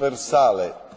transversale